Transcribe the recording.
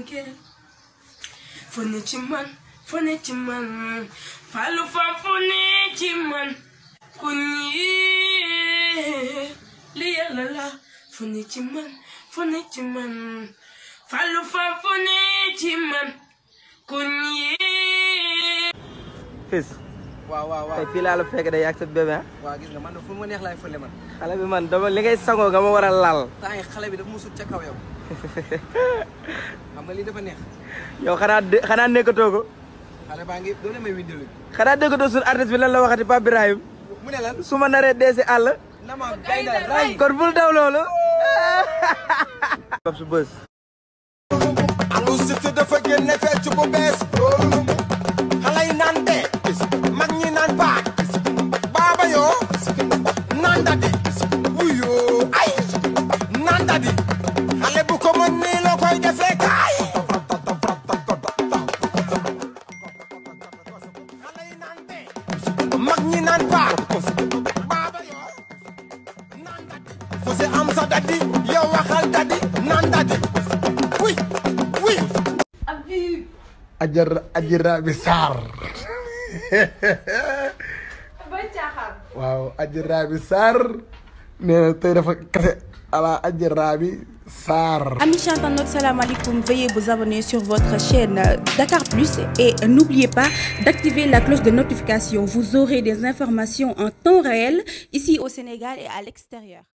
again. Funichiman, Funichiman, Falufa ci Kunye, Lialala, Funichiman, Funichiman, Falufa Funichiman, Kunye. Peace. waaw waaw waaw tey fii laa la fekk de yàgg sa bébé ah. waaw gis nga man fu ma neex laay fële man. xale bi man dama li ngay sangoo nga ma war a laal. temps xale bi dafa ma ca kaw yow. xam nga lii dafa neex. yow xanaa de xanaa nekkatoo ko. xanaa baa ngi doole may windalu. xanaa déggatoo bi lan la waxati Pape Birahim. mu ne lan su ma naree dee àll. na ma gay na ray kon bul daw loolu. ak ñi naan baa baaba yoo naan dadi ku si am sa yow waxal dadi naan dadi oui oui abi ajar ajira bi waaw ajira bi saar nee na tey dafa kase ala ajra bi Sarr. Amis chantants, notre salam sur votre chaîne Dakar Plus et n'oubliez pas d'activer la cloche de notification. Vous aurez des informations en temps réel ici au Sénégal et à l'extérieur.